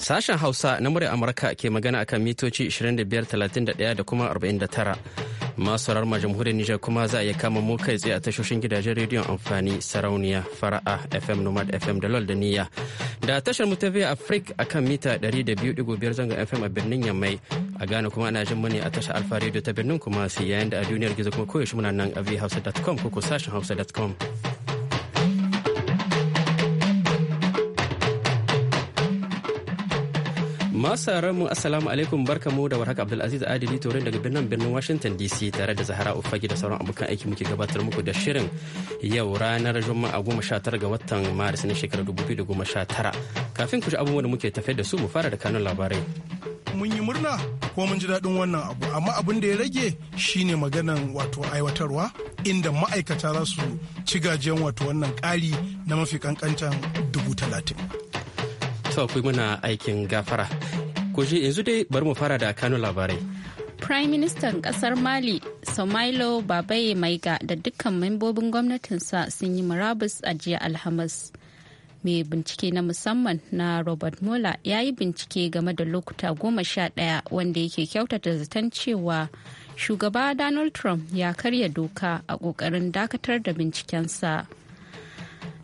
Sashen Hausa na murya Amurka ke magana akan mitoci 2531 da kuma 49. Masu rarma jamhuriyar Nijar kuma za a iya kama mu kai tsaye a tashoshin gidajen rediyon amfani sarauniya fara'a FM Nomad FM da LOL da Niyya. Da tashar mu ta Afrik akan mita 200.5 zanga FM a birnin Yammai. A Ghana kuma ana jin mani a tashar Alfa Radio ta birnin kuma sai yayin da a duniyar gizo kuma koyaushe muna nan a vhausa.com ko ko sashen hausa.com. Masu mu Assalamu alaikum barkamu da warhaka Abdulaziz Adili Torin daga birnin birnin Washington DC tare da zahra Ufagi da sauran abokan aiki muke gabatar muku da shirin yau ranar Juma'a goma sha tara ga watan Maris na shekarar dubu biyu da goma sha tara. Kafin ku ji abubuwan da muke tafe da su mu fara da kanun labarai. Mun yi murna ko mun ji daɗin wannan abu amma abin da ya rage shine maganan wato aiwatarwa inda ma'aikata za su ci gajiyan wato wannan ƙari na mafi kankantan dubu talatin. sa muna aikin gafara. Kuji yanzu dai bari mu fara da kano labarai. Prime Minister kasar Mali Somailo Babaye Maiga da dukkan membobin gwamnatinsa sun yi murabus a jiya Alhamis. Mai bincike na musamman na Robert Mueller ya yi bincike game da lokuta goma sha ɗaya wanda yake kyautata zaton cewa shugaba Donald Trump ya karya doka a ƙoƙarin dakatar da bincikensa.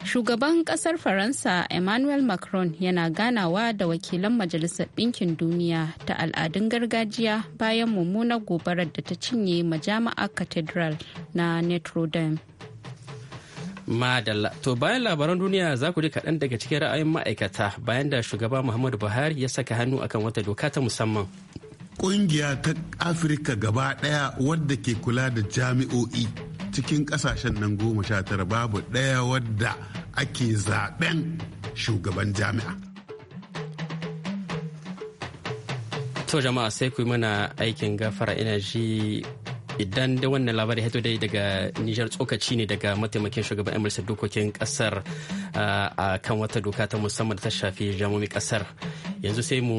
Shugaban kasar Faransa Emmanuel Macron yana ganawa da wakilan Majalisar Ɗinkin Duniya ta al'adun gargajiya bayan mummunar gobarar da ta cinye majami'a Cathedral na Notre Dame. Madalla. To bayan labaran duniya za ku ji kaɗan daga cikin ra'ayin ma'aikata bayan da shugaba Muhammadu Buhari ya saka hannu akan wata doka ta musamman. Ƙungiya ta Afirka gaba ɗaya wadda ke kula da jami'o'i cikin kasashen nan goma sha tara babu ɗaya wadda ake zaben shugaban jami'a. To jama'a sai ku yi mana aikin gafara ina ji idan da wannan labari ya dai daga Nijar tsokaci ne daga mataimakin shugaban Amurka dokokin kasar ah, a kan wata doka ta musamman ta shafi jamomi kasar. Yanzu sai mu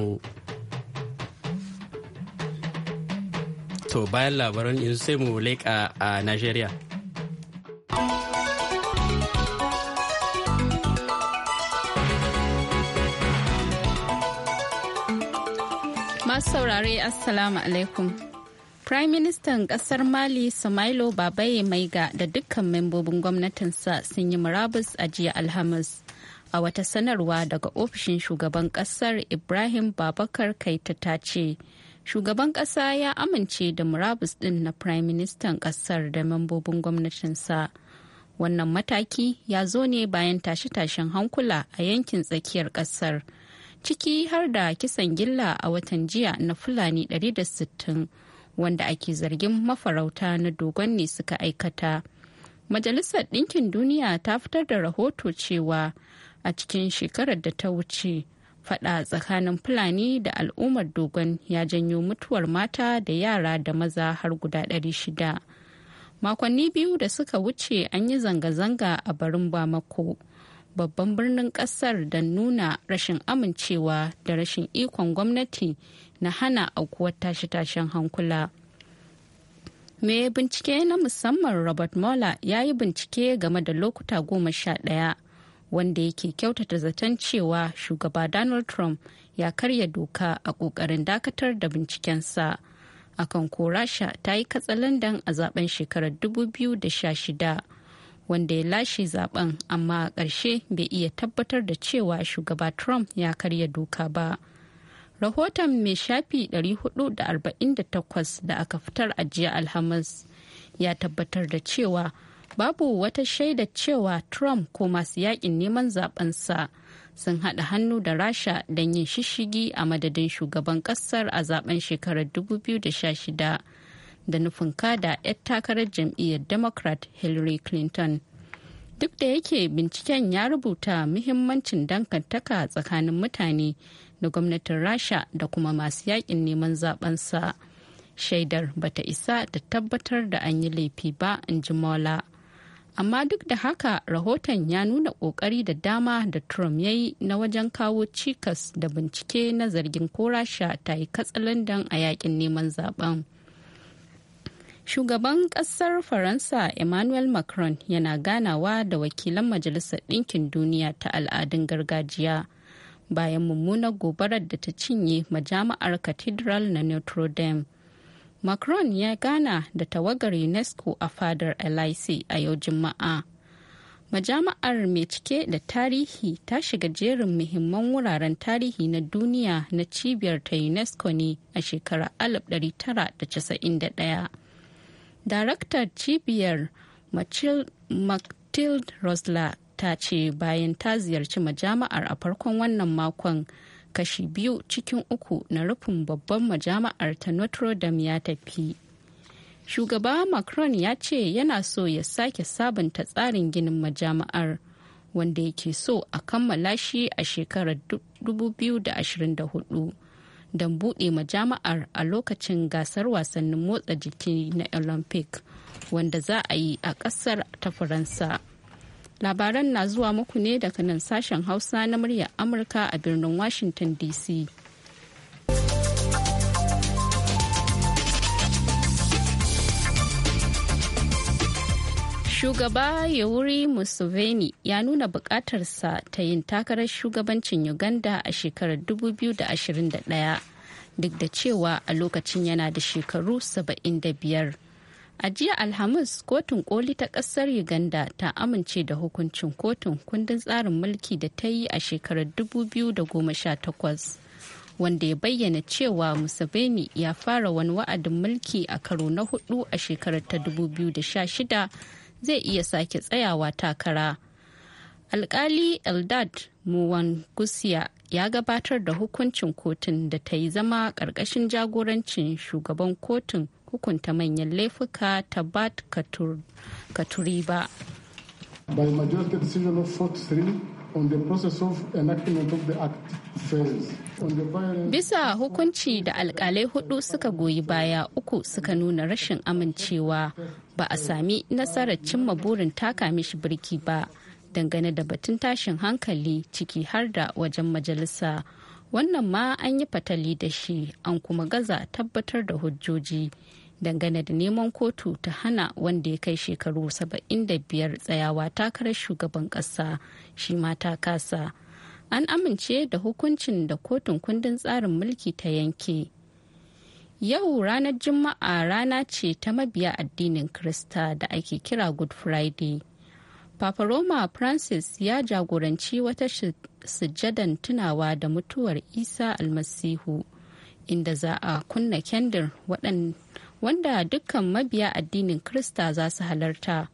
To bayan labaran yanzu sai mu leƙa a Najeriya. Masu saurare Assalamu alaikum. Prime ƙasar kasar Mali samailo Babaye Maiga da dukkan membobin gwamnatinsa sun yi murabus a jiya Alhamis. A wata sanarwa daga ofishin shugaban kasar Ibrahim Babakar Kaita ta ce, Shugaban kasa ya amince da murabus din na Prime ƙasar kasar da membobin gwamnatinsa. Wannan mataki ya zo ne bayan tashe-tashen hankula a yankin tsakiyar kasar. ciki har da kisan gilla a watan jiya na fulani 160 wanda ake zargin mafarauta na dogon ne suka aikata majalisar ɗinkin duniya ta fitar da rahoto cewa a cikin shekarar da ta wuce fada tsakanin fulani da al'ummar dogon ya janyo mutuwar mata da yara da maza har guda ɗari 600 makonni biyu da suka wuce an yi zanga-zanga a barin bamako babban birnin kasar da nuna rashin amincewa da rashin ikon gwamnati na hana aukuwar tashe-tashen hankula. Mai bincike na musamman Robert Mueller ya yi bincike game da lokuta goma sha ɗaya wanda yake kyautata zaton cewa shugaba Donald Trump ya karya doka a ƙoƙarin dakatar da bincikensa. akan ko rasha ta yi katsalandan a zaben shekarar 2016 wanda ya lashe zaben amma a ƙarshe bai iya tabbatar da cewa shugaba trump ya karya doka ba rahoton mai shafi 448 da aka fitar a jiya alhamis ya tabbatar da cewa babu wata shaida cewa trump ko masu yakin neman zabensa sun haɗa hannu da rasha don yin shishigi a madadin shugaban ƙasar a zaben shekarar 2016 da nufin kada 'yar takarar jam'iyyar democrat hillary clinton duk da yake binciken ya rubuta muhimmancin dangantaka tsakanin mutane na gwamnatin rasha da kuma masu yakin neman sa shaidar bata isa da tabbatar da an yi laifi ba in ji mola amma duk da haka rahoton ya nuna kokari da dama da trump ya yi na wajen kawo cikas da bincike na zargin ko rasha ta yi katsalandan a yakin neman zaben Shugaban kasar Faransa Emmanuel Macron yana ganawa da wakilan Majalisar Ɗinkin Duniya ta al'adun gargajiya bayan mummunar gobarar da ta cinye majami'ar Cathedral na Notre Dame. Macron ya gana da tawagar UNESCO a fadar Elysee a yau Juma'a. majami'ar mai cike da tarihi ta shiga jerin muhimman wuraren tarihi na duniya na cibiyar ta unesco ne a shekarar 1991 daraktar cibiyar matilde rosla ta ce bayan ta ziyarci majama'ar a farkon wannan makon kashi biyu cikin uku na rufin babban majama'ar ta notre dame ya tafi shugaba macron ya ce yana so ya sake sabunta tsarin ginin majama'ar wanda yake so a kammala shi a shekarar 2024 don buɗe ma jama'ar a lokacin gasar wasannin motsa jiki na olympic wanda za a yi a ƙasar ta faransa labaran na zuwa muku ne daga nan sashen hausa na murya amurka a birnin washington dc Shugaba yawuri Museveni ya nuna bukatarsa ta yin takarar shugabancin Uganda a shekarar 2021 duk da cewa a lokacin yana da shekaru 75. A jiya Alhamis, kotun koli ta kasar Uganda ta amince da hukuncin kotun kundin tsarin mulki da ta yi a shekarar 2018. wanda ya bayyana cewa Museveni ya fara wani wa'adin mulki a karo na hudu a shekarar ta 2016 zai iya sake tsayawa takara alkali eldad muwan Gusia ya gabatar da hukuncin kotun da ta yi zama ƙarƙashin jagorancin shugaban kotun hukunta manyan laifuka ta bat katuriba by majority decision of 43 Bisa hukunci da alkalai hudu suka goyi baya uku suka nuna rashin amincewa ba a sami nasarar cimma burin taka mishi birki ba dangane da batun tashin hankali ciki har da wajen majalisa wannan ma an yi fatali da shi an kuma gaza tabbatar da hujjoji dangane da neman kotu ta hana wanda ya kai shekaru 75 tsayawa takarar shugaban ƙasa shi ma ta kasa an amince da hukuncin da kotun kundin tsarin mulki ta yanke Yau ranar Juma'a rana ce ta mabiya addinin Krista da ake kira Good Friday. Papa Roma Francis ya jagoranci wata sujjadan tunawa da mutuwar Isa almasihu inda za a kunna kendir wanda dukkan mabiya addinin Krista za su halarta.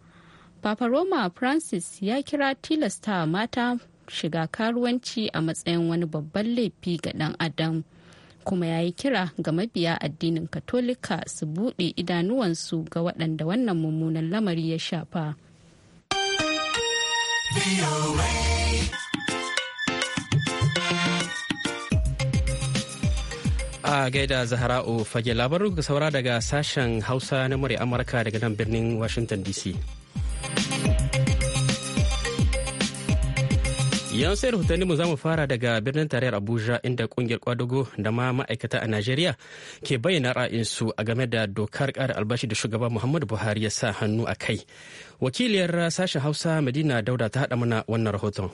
Papa Roma Francis ya kira tilasta mata shiga karuwanci a matsayin wani babban laifi ga ɗan Adam. kuma ya yi kira ga mabiya addinin katolika su buɗe idanuwansu ga waɗanda wannan mummunan lamari ya shafa. a gaida zahara'u fage labaru ga saura daga sashen hausa na murya amurka daga nan birnin washington dc Yan sai rahotanni mu zamu fara daga birnin tarayyar Abuja inda kungiyar kwadago da ma ma'aikata a Najeriya ke bayyana ra'ayinsu a game da dokar ƙara albashi da shugaba Muhammadu Buhari ya sa hannu a kai. Wakiliyar sashen Hausa Madina Dauda ta haɗa mana wannan rahoton.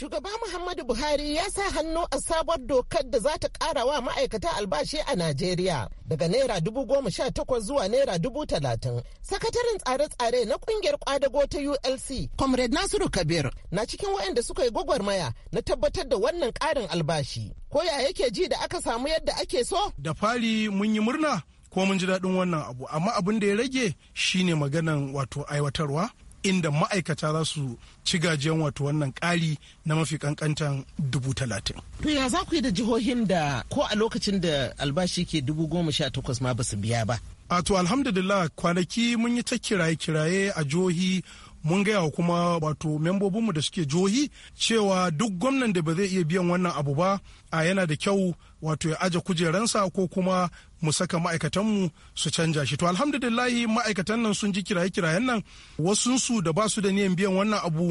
Shugaba Muhammadu Buhari ya sa hannu a sabuwar dokar da za ta ƙara wa ma'aikata albashi a Najeriya daga Naira dubu goma sha takwas zuwa Naira dubu talatin. Sakataren tsare-tsare na ƙungiyar ƙwadago ta ULC, Comrade Nasiru Kabir, na cikin waɗanda suka yi gwagwarmaya na tabbatar da wannan ƙarin albashi. Ko ya yake ji da aka samu yadda ake so? Da fari mun yi murna. ko mun ji daɗin wannan abu amma abin da ya rage shine maganan wato aiwatarwa inda ma'aikata za su ci gajiyan wato wannan ƙari na mafi kankantan dubu talatin. To ya za ku yi da jihohin da ko a lokacin da albashi ke dubu goma sha takwas ma ba su biya ba? A to alhamdulillah kwanaki mun yi ta kiraye-kiraye a jihohi mun gaya wa kuma wato membobinmu da suke jihohi cewa duk gwamnan da ba zai iya biyan wannan abu ba a yana da kyau wato ya aje kujeransa ko kuma mu saka ma'aikatanmu su canja shi to alhamdulillahi ma'aikatan nan sun ji kiraye-kirayen nan wasunsu da ba su da niyan biyan wannan abu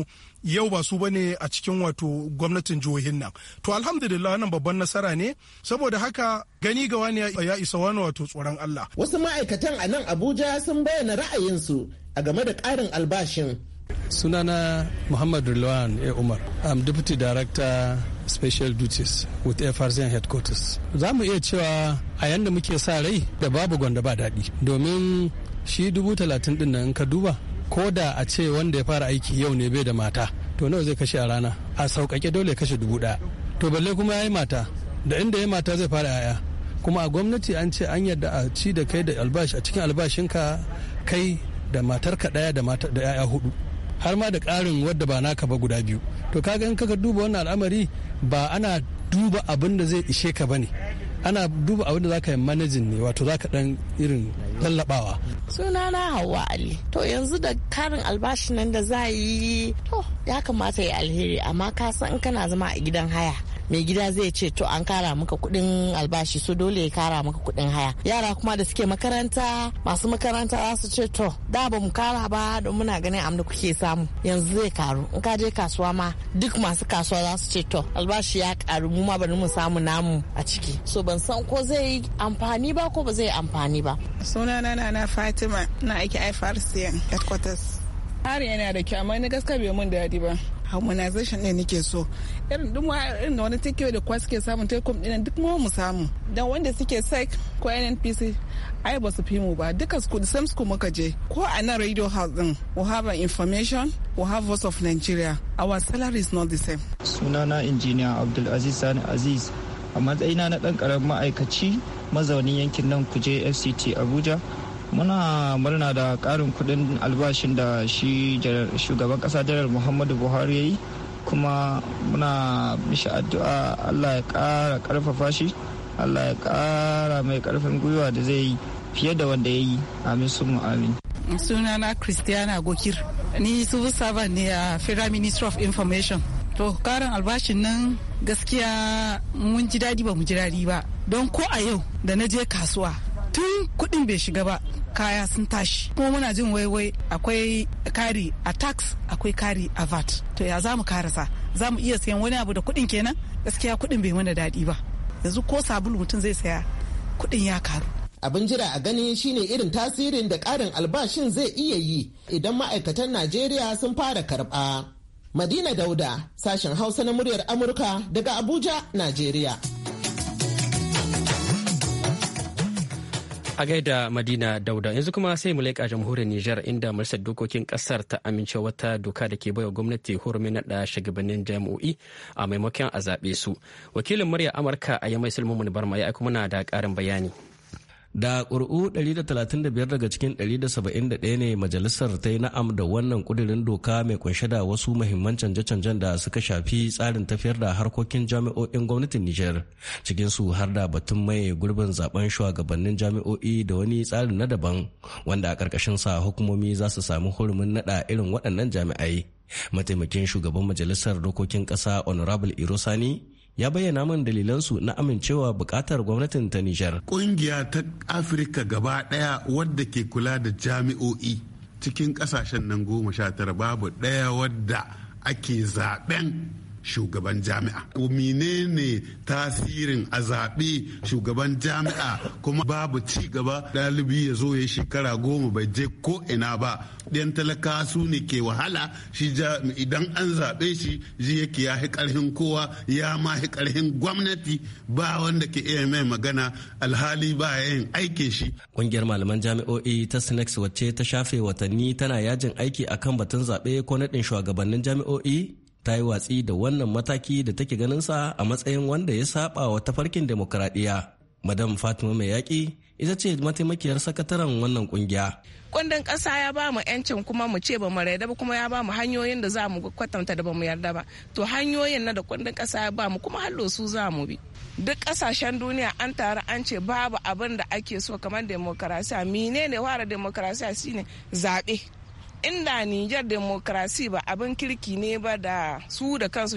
yau ba su bane a cikin wato gwamnatin jihohin nan to alhamdulillah wannan babban nasara ne saboda haka gani ga wani ya isa wani wato tsoron Allah wasu ma'aikatan a nan Abuja sun bayyana ra'ayinsu a game da ƙarin albashin sunana Muhammadu Lawan Umar I'm deputy director special duties with FRC headquarters. Za mu iya cewa a yanda muke sa rai da babu gwanda ba daɗi domin shi dubu talatin ɗin nan ka duba ko da a ce wanda ya fara aiki yau ne bai da mata to nawa zai kashe a rana a sauƙaƙe dole kashe dubu ɗaya to balle kuma ya yi mata da inda ya mata zai fara yaya kuma a gwamnati an ce an yadda a ci da kai da albashi a cikin albashinka kai da matarka ɗaya da 'ya'ya hudu har ma da ƙarin wadda ba naka ba guda biyu to kaga in kaka duba wannan al'amari ba ana duba abin da zai ishe ka bane ana duba abin da za ka yi manajin ne wato za ka dan irin lallabawa suna na hawa ali to yanzu da karin albashi nan da za yi to ya kamata ya alheri amma ka san kana zama a gidan haya mai gida zai ce to an kara maka kudin albashi so dole ya kara maka kudin haya yara kuma da suke makaranta masu makaranta za su ce to da ba mu kara ba don muna ganin amda kuke samu yanzu zai karu in ka je kasuwa ma duk masu kasuwa za su ce to albashi ya karu mu ma bari mu samu namu a ciki so ban san ko zai yi amfani ba ko ba zai yi amfani ba sunana na na fatima na aiki ifrc headquarters har yana da kyau amma na gaskiya bai mun daɗi ba harmonization ne nake so irin duk irin da wani take da kwa suke samun telecom din duk mu mu samu dan wanda suke sec ko NNPC ai ba su fi mu ba duka su same school muka je ko a nan radio house din we have information we have voice of Nigeria our salary is not the same sunana engineer Abdul Aziz Sani Aziz a matsayina na dan karamin ma'aikaci mazaunin yankin nan kuje FCT Abuja muna murna da karin kuɗin albashin da shi shugaban ƙasa janar muhammadu buhari ya yi kuma muna mishi addu'a allah ya kara karfafa shi allah ya kara mai karfin gwiwa da zai yi fiye da wanda ya yi amin sun amin sunana christiana gokir ni civil servant ne a federal ministry of information to karin albashin nan gaskiya mun ji daɗi ba mu ji daɗi ba don ko a yau da na je kasuwa tun kuɗin bai shiga ba kaya sun tashi kuma muna jin waiwai akwai kari a tax akwai kari a vat to ya za mu karasa za mu iya sayan wani abu da kuɗin kenan gaskiya kuɗin bai mana daɗi ba yanzu ko sabulu mutum zai saya kuɗin ya karu abin jira a gani shine irin tasirin da ƙarin albashin zai iya yi idan ma'aikatan najeriya sun fara karɓa madina dauda sashen hausa na muryar amurka daga abuja najeriya A gaida Madina Dauda yanzu kuma sai mu leƙa jamhuriyar Nijar inda majalisar dokokin ƙasar ta amince wata doka da ke baiwa gwamnati hurumin naɗa shugabannin jami'o'i a maimakon a zaɓe su. Wakilin murya Amurka a Yamai Sulmumun Barma ya aiko muna da ƙarin bayani. da ƙuri'u 135 daga cikin 171 ne majalisar ta yi na'am da wannan ƙudirin doka mai kunshe da wasu mahimman canje-canjen da suka shafi tsarin tafiyar da harkokin jami'o'in gwamnatin niger su har da batun mai gurbin zaben shugabannin jami'o'i da wani tsarin na daban wanda a ƙarƙashin sa hukumomi za su samu hurumin naɗa irin waɗannan jami'ai mataimakin shugaban majalisar dokokin ƙasa honorable irosani ya bayyana min dalilansu na amincewa bukatar gwamnatin ta Nijar. Kungiya ta Afirka gaba daya wadda ke kula da jami'o'i cikin kasashen nan goma sha tara babu daya wadda ake zaben shugaban jami'a ne tasirin a zaɓe shugaban jami'a kuma babu ci gaba ɗalibi ya zo ya shekara goma bai je ko ina ba ɗan talaka su ne ke wahala shi idan an zaɓe shi ji yake ya ƙarfin kowa ya ma ƙarfin gwamnati ba wanda ke iya mai magana alhali ba ya yin aike shi ƙungiyar malaman jami'o'i ta sinex wacce ta shafe watanni tana yajin aiki akan batun zaɓe ko naɗin shugabannin jami'o'i ta yi watsi da wannan mataki da take ganin sa a matsayin wanda ya saba wa tafarkin demokradiyya. Madam Fatima mai yaƙi ita ce mataimakiyar sakataren wannan kungiya. Kundin ƙasa ya ba mu 'yancin kuma mu ce ba mu yarda ba kuma ya ba mu hanyoyin da za mu kwatanta da ba mu yarda ba. To hanyoyin na da kundin ƙasa ya ba mu kuma hallo su za mu bi. Duk ƙasashen duniya an taru an ce babu abin da ake so kamar demokarasiya. Menene wara demokarasiya shine zaɓe. inda Nijar demokrasi ba abin kirki ne ba da su da kansu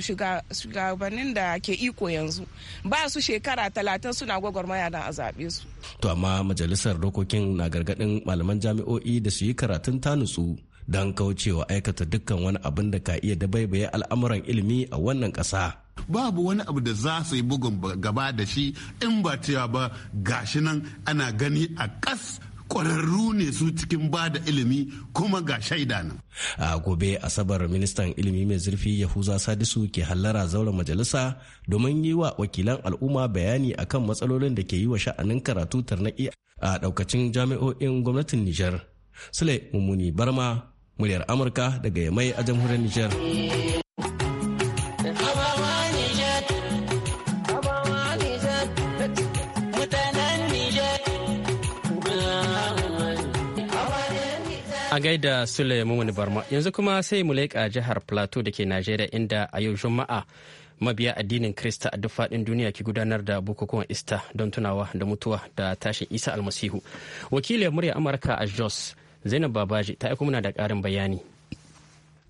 shugabannin da ke iko yanzu ba su shekara talatin suna gwagwarmaya don a zaɓe su. To amma majalisar dokokin na gargaɗin malaman jami'o'i da su yi karatun tanusu don kaucewa aikata dukkan wani abin da ka iya dabaibaye al'amuran ilimi a wannan kasa. babu wani abu da za su yi bugun gaba da shi in ba cewa ba gashi nan ana gani a ƙas kwararru ne su cikin ba da ilimi kuma ga shaida nan. A gobe Asabar ministan ilimi mai zurfi Yahuza Sadisu ke hallara zauren majalisa domin yi wa wakilan al'umma bayani akan matsalolin da ke yi wa sha'anin karatu tarnaki a daukacin jami'o'in gwamnatin Nijar. Sule Mummuni Barma, muryar Amurka daga Yamai a jamhuriyar Nijar. gaida Sule Barma. Yanzu kuma sai mu leƙa jihar Plateau da ke Najeriya inda a yau Juma'a mabiya addinin Krista a duk faɗin duniya ke gudanar da bukukuwan Ista don tunawa da mutuwa da tashin Isa Almasihu. Wakilin murya Amurka a Jos Zainab Babaji ta aiko muna da ƙarin bayani.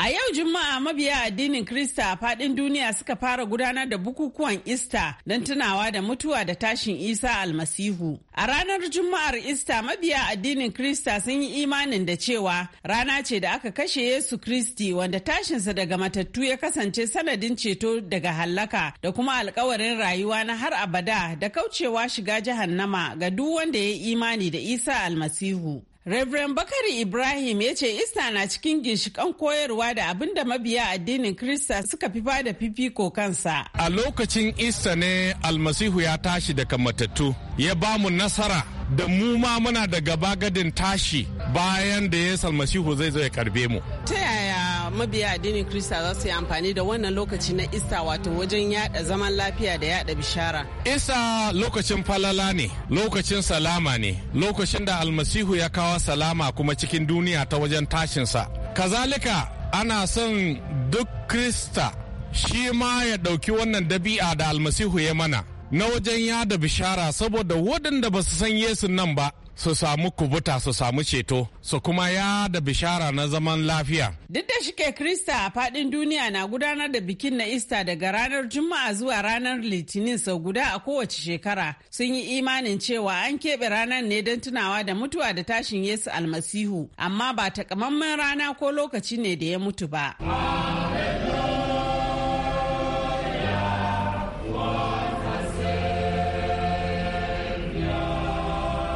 A yau Juma'a mabiya addinin Krista a fadin duniya suka fara gudanar da bukukuwan Ista don tunawa da mutuwa da tashin Isa almasihu. A ranar Juma'ar Ista mabiya addinin Krista sun yi imanin da cewa rana ce da aka kashe Yesu Kristi wanda tashinsa daga matattu ya kasance sanadin ceto daga hallaka da kuma alkawarin rayuwa na har abada da kaucewa shiga jahannama ga duk wanda ya yi imani da Isa almasihu. Reverend Bakari Ibrahim ya ce Ista na cikin ginshikan koyarwa da abin da mabiya addinin Krista suka fi bada fifiko kansa. A lokacin Ista ne almasihu ya tashi daga matattu ya ba mu nasara da mu ma muna da gaba gadin tashi bayan da ya salmasihu zai zo ya karbe mu ta yaya mabiya addinin krista za su yi amfani da wannan lokaci na isa wato wajen yada zaman lafiya da yada bishara isa lokacin falala ne lokacin salama ne lokacin da almasihu ya kawo salama kuma cikin duniya ta wajen tashinsa kazalika ana son duk krista shi ma ya ɗauki wannan dabi'a da almasihu ya mana na wajen yada bishara saboda waɗanda ba su san Yesu nan ba su samu kubuta su samu ceto su kuma ya da bishara na zaman lafiya. Duk da shike Krista a fadin duniya na gudanar da bikin na Ista daga ranar Juma'a zuwa ranar Litinin sau guda a kowace shekara sun yi imanin cewa an keɓe ranar ne don tunawa da mutuwa da tashin Yesu almasihu amma ba takamaiman rana ko lokaci ne da ya mutu ba. Amen.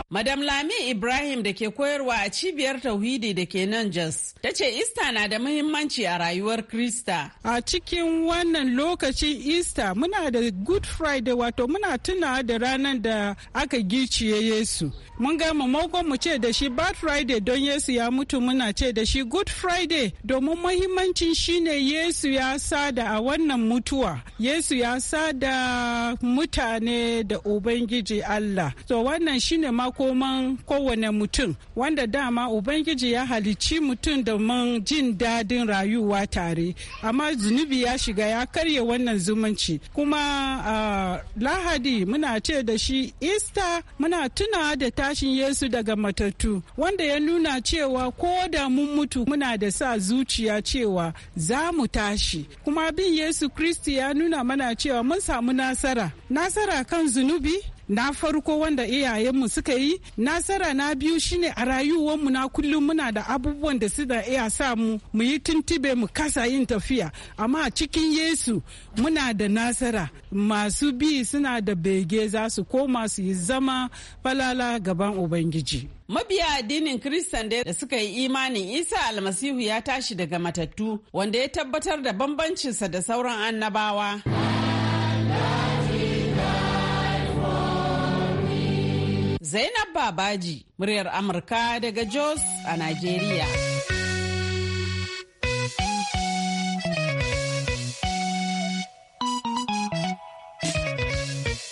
Madam Lami Ibrahim da ke koyarwa a cibiyar Tauhidi da ke nan Jos ta ce Ista na da muhimmanci a rayuwar Krista. A cikin wannan lokacin Ista muna da Good Friday wato muna tuna da ranar da aka giciye Yesu. Mun ga mamakon mu ce da shi Bad Friday don Yesu ya mutu muna ce da shi Good Friday domin muhimmancin shine Yesu ya sada a wannan mutuwa. Yesu ya sada mutane da Ubangiji Allah. so, wannan shine ma makoman kowane mutum wanda dama ubangiji ya halicci mutum da man jin dadin rayuwa tare amma zunubi ya shiga ya karya wannan zumunci kuma uh, lahadi muna ce da shi ista muna tuna da tashin yesu daga matattu wanda ya nuna cewa ko da mun mutu muna da sa zuciya cewa za mu tashi kuma bin yesu kristi ya nuna mana cewa mun samu nasara nasara kan zunubi na farko wanda iyayenmu suka yi nasara na biyu shine a rayuwarmu na kullum muna da abubuwan da suka iya sa mu mu yi tuntube mu kasa yin tafiya amma cikin yesu muna da nasara masu bi suna da bege za su koma su yi zama falala gaban ubangiji Mabiya addinin Kiristan da suka yi imanin Isa almasihu ya tashi daga matattu wanda ya tabbatar da bambancinsa da sauran annabawa. Zainab Babaji, muryar Amurka daga Jos a Najeriya.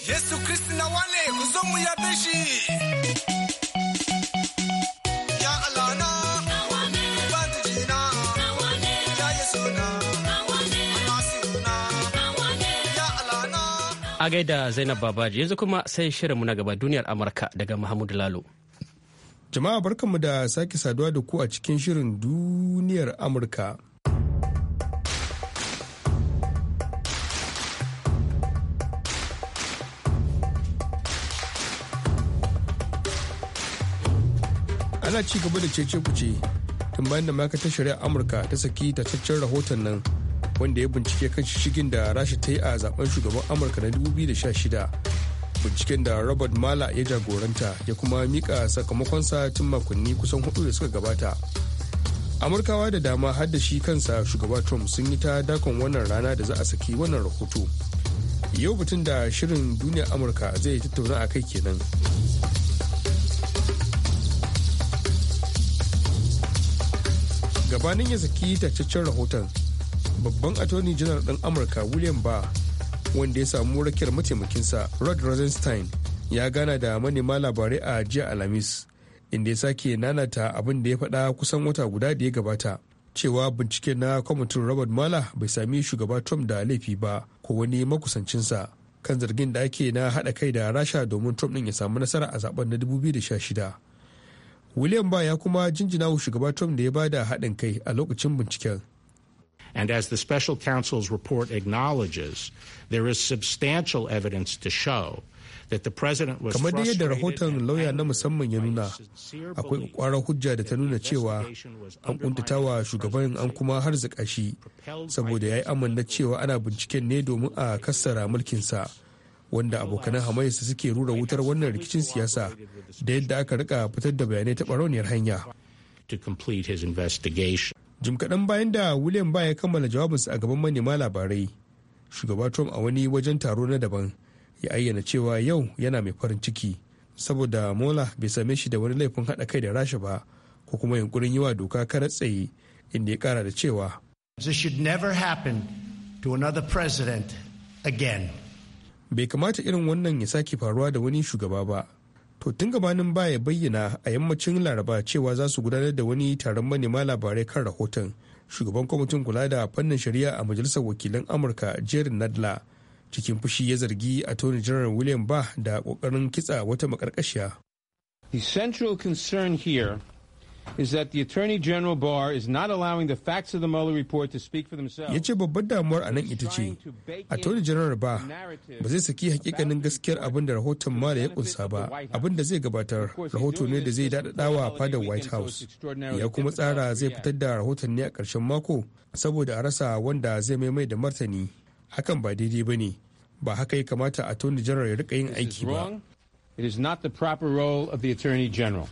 Yesu Kristi na wane, ku zo mu yabe shi. A gaida Zainab Babaji yanzu kuma sai shirinmu na gaba duniyar Amurka daga Muhammadu Lalo. Jama'a barkanmu da sake saduwa da ku a cikin shirin duniyar Amurka. Ana ci gaba da cece kuce tun bayan da ma'aikatar shari'ar Amurka ta saki tacaccen rahoton nan wanda ya bincike kan shigin da rasha ta yi a zaben shugaban amurka na 2016 binciken da robert mala ya jagoranta ya kuma mika sakamakonsa tun makonni kusan hudu da suka gabata amurkawa da dama har da shi kansa shugaba trump sun yi ta dakon wannan rana da za a saki wannan rahoto yau batun da shirin duniya amurka zai tattauna a kai kenan gabanin ya saki tacaccen rahoton babban attorney general ɗan amurka william ba wanda ya samu rakiyar mataimakinsa rod rosenstein ya gana da manema labarai a jiya alhamis inda ya sake nanata abin da ya faɗa kusan wata guda da ya gabata cewa bincike na kwamitin robert mala bai sami shugaba trump da laifi ba ko wani makusancinsa kan zargin da ake na haɗa kai da rasha domin trump ɗin ya samu nasara a zaben na 2016 william ba ya kuma jinjina wa shugaba trump da ya bada haɗin kai a lokacin binciken And as the special counsel's report acknowledges, there is substantial evidence to show kamar da yadda rahoton lauya na musamman ya nuna akwai kwakwarar hujja da ta nuna cewa an wa shugaban an kuma harzika shi saboda ya yi amanna cewa ana binciken ne domin a kassara mulkinsa wanda abokanan hamayarsa suke rura wutar wannan rikicin siyasa da yadda aka rika fitar da bayanai ta barauniyar hanya his investigation. jim kaɗan bayan da william ba ya kammala jawabinsa a gaban manema labarai shugaba trump a wani wajen taro na daban ya ayyana cewa yau yana mai farin ciki saboda mola bai same shi da wani laifin haɗa kai da rasha ba ko kuma yunkurin yi wa doka karar tsaye inda ya kara da cewa This should never happen to another president again. Bai kamata irin wannan ya sake faruwa da wani shugaba ba, to tun gabanin baya bayyana a yammacin laraba cewa za su gudanar da wani taron manema labarai kan rahoton shugaban kwamitin kula da fannin shari'a a majalisar wakilan amurka jerry nadler cikin fushi ya zargi attorney general william ba da kokarin kitsa wata makarkashiya the central concern here is that the Attorney General Barr is not allowing the facts of the Mueller report to speak for themselves. Yace babbar damuwar a nan ita ce, Attorney General Barr ba zai saki hakikanin gaskiyar abin da rahoton Mueller ya kunsa ba, abin da zai gabatar rahoto ne da zai daɗaɗawa fadar White House. Ya kuma tsara zai fitar da rahoton ne a ƙarshen mako saboda a rasa wanda zai maimai da martani. Hakan ba daidai ba ne, ba haka ya kamata Attorney General ya rika yin aiki ba. It is not the proper role of the Attorney General.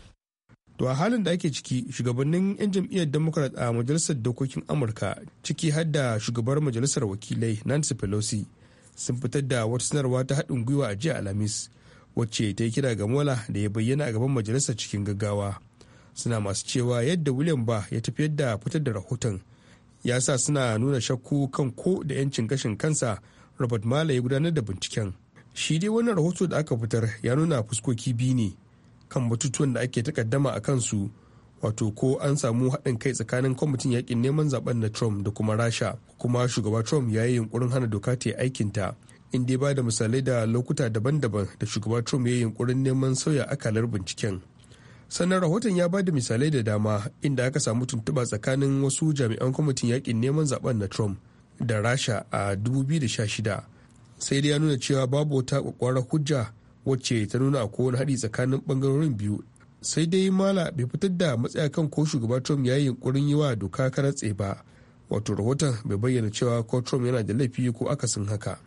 To a halin da ake ciki shugabannin 'yan jam'iyyar Democrat a majalisar dokokin Amurka ciki har da shugabar majalisar wakilai Nancy Pelosi sun fitar da wata sanarwa ta haɗin gwiwa a jiya Alhamis wacce ta yi kira ga Mola da ya bayyana a gaban majalisar cikin gaggawa. Suna masu cewa yadda William ba ya tafiyar da fitar da rahoton ya sa suna nuna shakku kan ko da 'yancin gashin kansa Robert Mala ya gudanar da binciken. Shi dai wannan rahoto da aka fitar ya nuna fuskoki biyu ne. kan batutuwan da ake takaddama a kansu wato ko an samu haɗin kai tsakanin kwamitin yakin neman zaben na trump da kuma rasha kuma shugaba trump ya yi yunkurin hana doka ta aikinta in ya ba da misalai da lokuta daban-daban da shugaba trump ya yi yunkurin neman sauya akalar binciken sannan rahoton ya ba da misalai da dama inda aka samu tuntuɓa tsakanin wasu jami'an kwamitin yakin neman zaben na trump da rasha a 2016 sai dai ya nuna cewa babu wata kwakwarar hujja wacce ta nuna a kowane haɗi tsakanin ɓangarorin biyu sai dai mala bai fitar da matsaya kan ko shugaba trump ya yi yunkurin yi wa doka karatse ba wato rahoton bai bayyana cewa ko trump yana da laifi ko akasin haka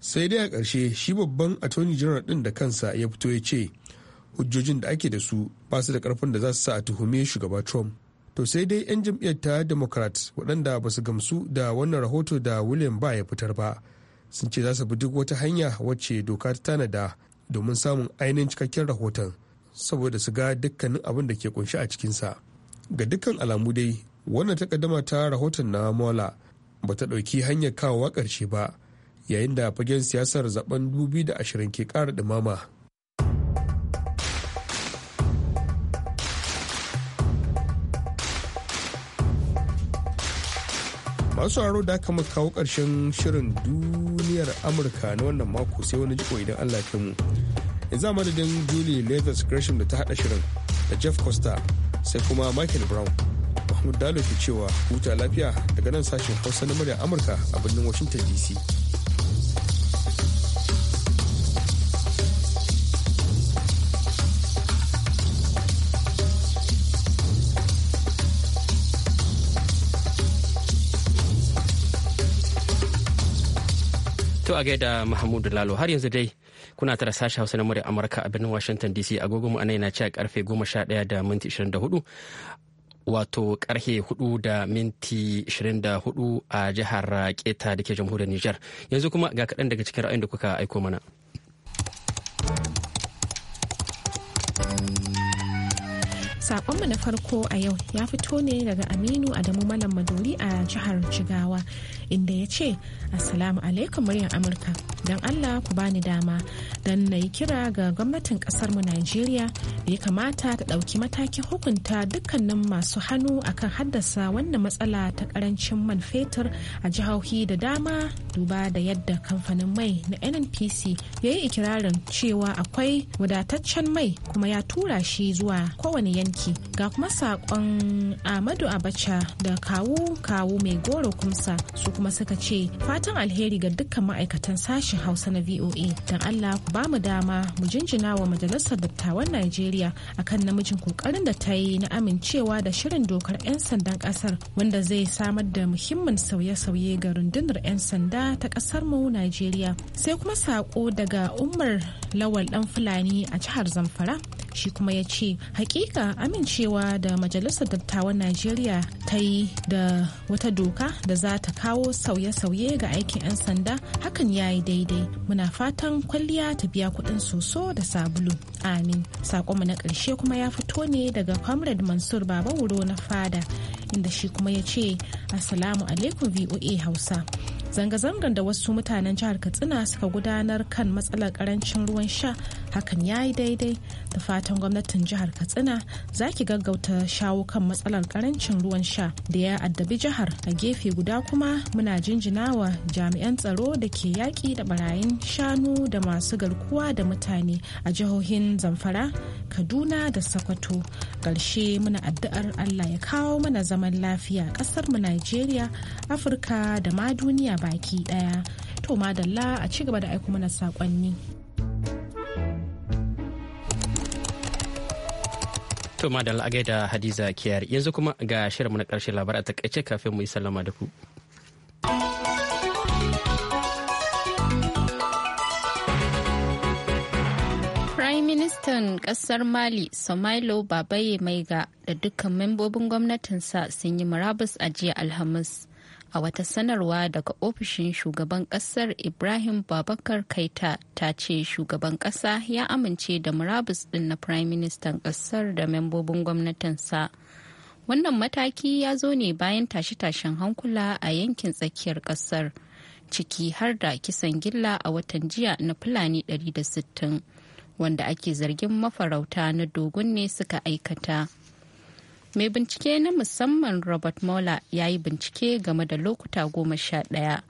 sai dai a ƙarshe shi babban attorney general ɗin da kansa ya fito ya ce hujjojin da ake da su ba su da ƙarfin da za su sa a tuhume shugaba trump to sai dai 'yan jam'iyyar ta democrat waɗanda ba su gamsu da wannan rahoto da william ba ya fitar ba sun ce za su bi duk wata hanya wacce doka ta tanada domin samun ainihin cikakken rahoton saboda su ga dukkanin abin da ke kunshi a cikinsa ga dukkan alamu dai wannan takaddama ta rahoton na mola ba ta ɗauki hanyar kawowa ƙarshe ba yayin da fagen siyasar zaben 2020 ke ƙara ɗumama masu sauraro da aka muka kawo ƙarshen shirin duniyar amurka na wannan mako sai wani jiko idan allah ya mu yanzu a madadin julie levis gresham da ta hada shirin da jeff costa sai kuma michael brown mahmud dalo ke cewa huta lafiya daga nan sashen hausa na murya amurka a birnin washington dc To a gaida Mahmudu Lalo har yanzu dai kuna tara sashi Hausa na murya Amurka a birnin Washington DC agogo mu anan yana ci karfe 11 da minti 24 wato karfe 4 da minti 24 a jihar Keta da ke jamhuriyar niger Yanzu kuma ga kaɗan daga cikin ra'ayin da kuka aiko mana. Sakonmu na farko a yau ya fito ne daga Aminu Adamu Malam Maduri a jihar Jigawa inda ya ce Assalamu alaikum muryar Amurka don Allah ku bani dama don na yi kira ga gwamnatin mu Najeriya da ya kamata ta ɗauki matakin hukunta dukkanin masu hannu akan haddasa wannan matsala ta karancin man fetur a jihohi da dama duba da yadda kamfanin mai na NNPC ya yi ikirarin cewa akwai wadataccen mai kuma ya tura shi zuwa kowane yanki ga kuma saƙon Ahmadu Abacha da kawu kawu mai goro kumsa su kuma suka ce fatan alheri ga dukkan ma'aikatan sashen Hausa na VOA don Allah ku ba mu dama mu jinjina wa majalisar dattawan Najeriya akan namijin kokarin da ta yi na amincewa da shirin dokar 'yan sandan kasar wanda zai samar da muhimmin sauye-sauye ga rundunar 'yan sanda ta kasar mu Najeriya sai kuma saƙo daga Umar Lawal dan Fulani a jihar Zamfara shi kuma ya ce hakika amincewa da majalisar dattawan najeriya ta yi da wata doka da za ta kawo sauye-sauye ga aikin 'yan sanda hakan ya yi daidai muna fatan kwalliya ta biya kudin soso da sabulu amin sakonmu na karshe kuma ya fito ne daga comrade mansur baba wuro na fada inda shi kuma ya ce assalamu alaikum voa hausa zanga-zangar da wasu mutanen jihar katsina suka gudanar kan matsalar karancin ruwan sha hakan ya yi daidai da fatan gwamnatin jihar katsina za ki gaggauta shawo kan matsalar karancin ruwan sha da ya addabi jihar a gefe guda kuma muna jinjina wa jami'an tsaro da ke yaƙi da barayin shanu da masu garkuwa da mutane a jihohin zamfara kaduna da sokoto ƙarshe muna addu'ar allah ya kawo mana zaman lafiya ƙasar mu najeriya afirka da ma duniya baki ɗaya to madalla a ci gaba da aiko mana saƙonni. To madal a gaida Hadiza Kiyar yanzu kuma ga shirinmu na karshe labar a takaice kafin mu yi sallama da ku. Ministan kasar Mali Somailo Babaye Maiga da dukkan membobin gwamnatinsa sun yi murabus a jiya Alhamis. a wata sanarwa daga ofishin shugaban kasar ibrahim babakar kaita ta ce shugaban kasa ya amince da murabus din na prime ministan kasar da membobin gwamnatinsa wannan mataki ya zo ne bayan tashe-tashen hankula a yankin tsakiyar kasar ciki har da kisan gilla a watan jiya na fulani 160 wanda ake zargin mafarauta na dogon ne suka aikata. mai bincike na musamman robert mueller ya yi bincike game da lokuta goma sha ɗaya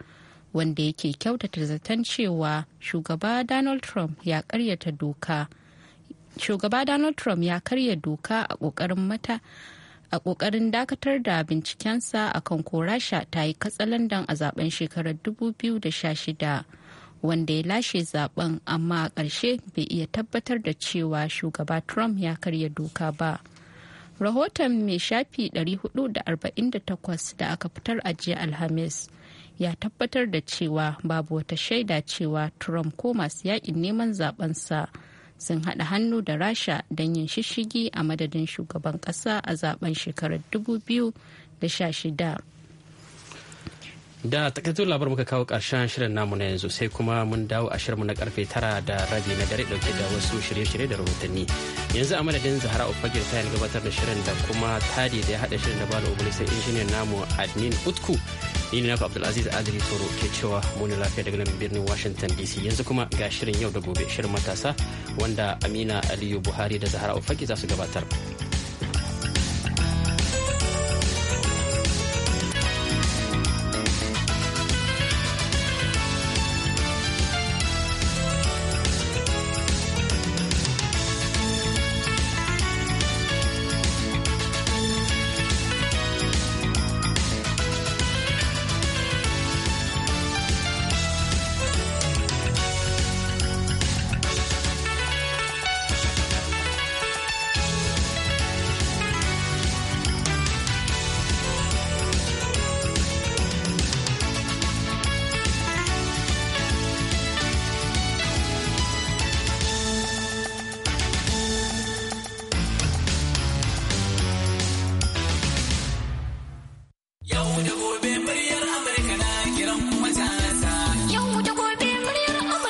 wanda yake kyautata zaton cewa shugaba donald trump ya karyata doka shugaba donald trump ya karya doka a ƙoƙarin mata a kokarin dakatar da bincikensa akan ko rasha ta yi katsalandan a zaben shekarar 2016 wanda ya lashe zaben amma a ƙarshe bai iya tabbatar da cewa shugaba trump ya karya doka ba rahoton mai shafi 448 da aka fitar a jiya alhamis ya tabbatar da cewa babu wata shaida cewa trump ko masu yakin neman zabensa sun haɗa hannu da rasha don yin shishigi a madadin shugaban ƙasa a zaben shekarar 2016 da takaitattun labar muka kawo karshen shirin namu na yanzu sai kuma mun dawo a shirinmu na karfe tara da rabi na dare dauke da wasu shirye-shirye da rahotanni yanzu a madadin zahara ofagir ta gabatar da shirin da kuma tadi da ya haɗa shirin da bala obuli sai injiniyan namu admin utku ni ne naku abdulaziz adri toro ke cewa muni lafiya daga nan birnin washington dc yanzu kuma ga shirin yau da gobe shirin matasa wanda amina aliyu buhari da zahara ofagir za su gabatar.